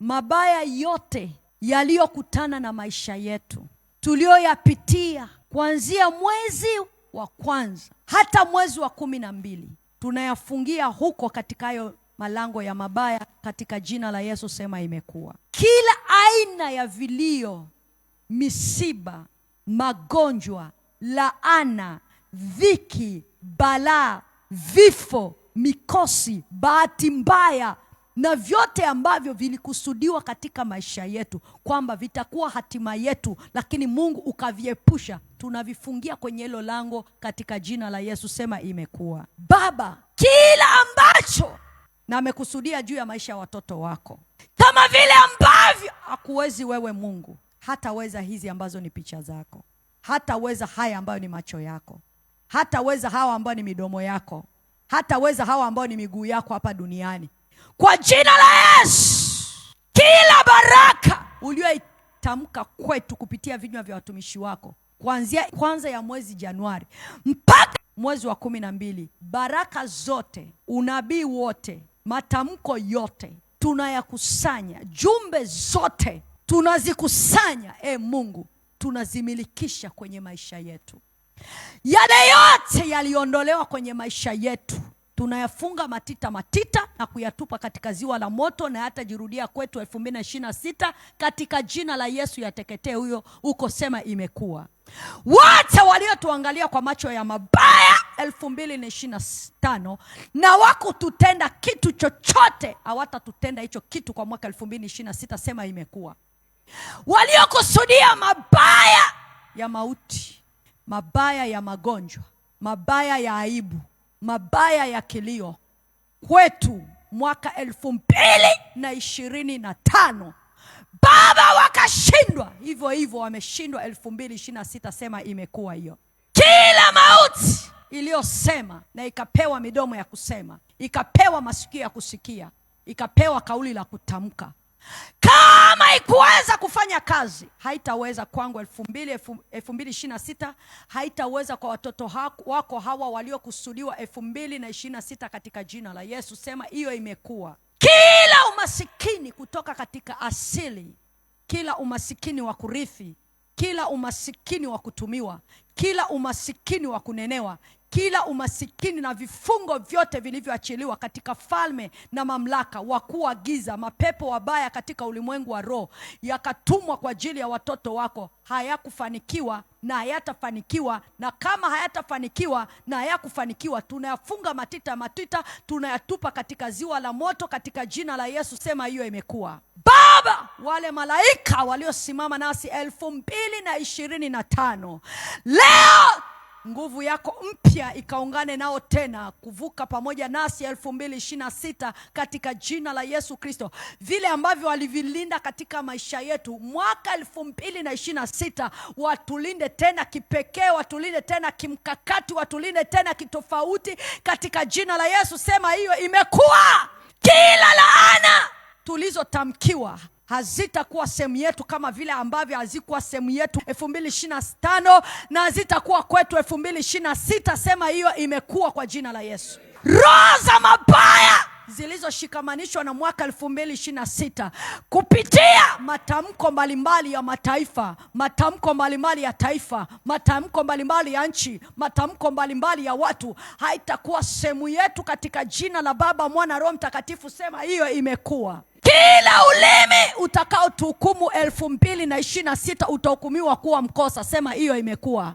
mabaya yote yaliyokutana na maisha yetu tuliyoyapitia kuanzia mwezi wa kwanza hata mwezi wa kumi na mbili tunayafungia huko katika hayo malango ya mabaya katika jina la Yesu. Sema imekuwa. Kila aina ya vilio, misiba, magonjwa, laana, dhiki, balaa, vifo, mikosi, bahati mbaya na vyote ambavyo vilikusudiwa katika maisha yetu kwamba vitakuwa hatima yetu, lakini Mungu ukaviepusha, tunavifungia kwenye hilo lango katika jina la Yesu. Sema imekuwa. Baba, kila ambacho na amekusudia juu ya maisha ya watoto wako, kama vile ambavyo hakuwezi wewe Mungu, hataweza hizi ambazo ni picha zako, hataweza haya ambayo ni macho yako, hataweza hawa ambayo ni midomo yako, hataweza hawa ambayo ni miguu yako hapa duniani kwa jina la Yesu, kila baraka uliyoitamka kwetu kupitia vinywa vya watumishi wako kuanzia kwanza ya mwezi Januari mpaka mwezi wa kumi na mbili, baraka zote, unabii wote, matamko yote tunayakusanya, jumbe zote tunazikusanya. E Mungu, tunazimilikisha kwenye maisha yetu. Yale yote yaliondolewa kwenye maisha yetu tunayafunga matita matita na kuyatupa katika ziwa la moto, na yatajirudia kwetu 2026 katika jina la Yesu. Yateketee huyo uko, sema imekuwa. Wote waliotuangalia kwa macho ya mabaya 2025 na wakututenda kitu chochote, hawatatutenda hicho kitu kwa mwaka 2026, sema imekuwa. Waliokusudia mabaya ya mauti, mabaya ya magonjwa, mabaya ya aibu mabaya ya kilio kwetu mwaka elfu mbili na ishirini na tano Baba wakashindwa hivyo hivyo, wameshindwa elfu mbili ishirini na sita Sema imekuwa hiyo. Kila mauti iliyosema na ikapewa midomo ya kusema, ikapewa masikio ya kusikia, ikapewa kauli la kutamka, kama ikuweza kufanya kazi haitaweza kwangu elfu mbili elfu mbili na sita haitaweza kwa watoto haku, wako hawa waliokusudiwa elfu mbili na ishirini na sita katika jina la Yesu. Sema hiyo imekuwa. Kila umasikini kutoka katika asili, kila umasikini wa kurithi kila umasikini wa kutumiwa, kila umasikini wa kunenewa, kila umasikini na vifungo vyote vilivyoachiliwa katika falme na mamlaka, wakuu wa giza, mapepo wabaya katika ulimwengu wa roho, yakatumwa kwa ajili ya watoto wako, hayakufanikiwa na hayatafanikiwa. Na kama hayatafanikiwa na hayakufanikiwa, tunayafunga matita matita, tunayatupa katika ziwa la moto, katika jina la Yesu. Sema hiyo imekuwa saba wale malaika waliosimama nasi elfu mbili na ishirini na tano leo nguvu yako mpya ikaungane nao tena kuvuka pamoja nasi elfu mbili ishirini na sita katika jina la Yesu Kristo. Vile ambavyo walivilinda katika maisha yetu mwaka elfu mbili na ishirini na sita watulinde tena kipekee, watulinde tena kimkakati, watulinde tena kitofauti katika jina la Yesu. Sema hiyo imekuwa tulizotamkiwa hazitakuwa sehemu yetu kama vile ambavyo hazikuwa sehemu yetu elfu mbili na tano na hazitakuwa kwetu elfu mbili sita Sema hiyo imekuwa kwa jina la Yesu. Roho za mabaya zilizoshikamanishwa na mwaka elfu mbili sita kupitia matamko mbalimbali ya mataifa, matamko mbalimbali ya taifa, matamko mbalimbali ya nchi, matamko mbalimbali ya watu, haitakuwa sehemu yetu katika jina la Baba, Mwana, Roho Mtakatifu. Sema hiyo imekuwa kila ulimi utakaotuhukumu elfu mbili na ishirini na sita utahukumiwa kuwa mkosa. Sema hiyo imekuwa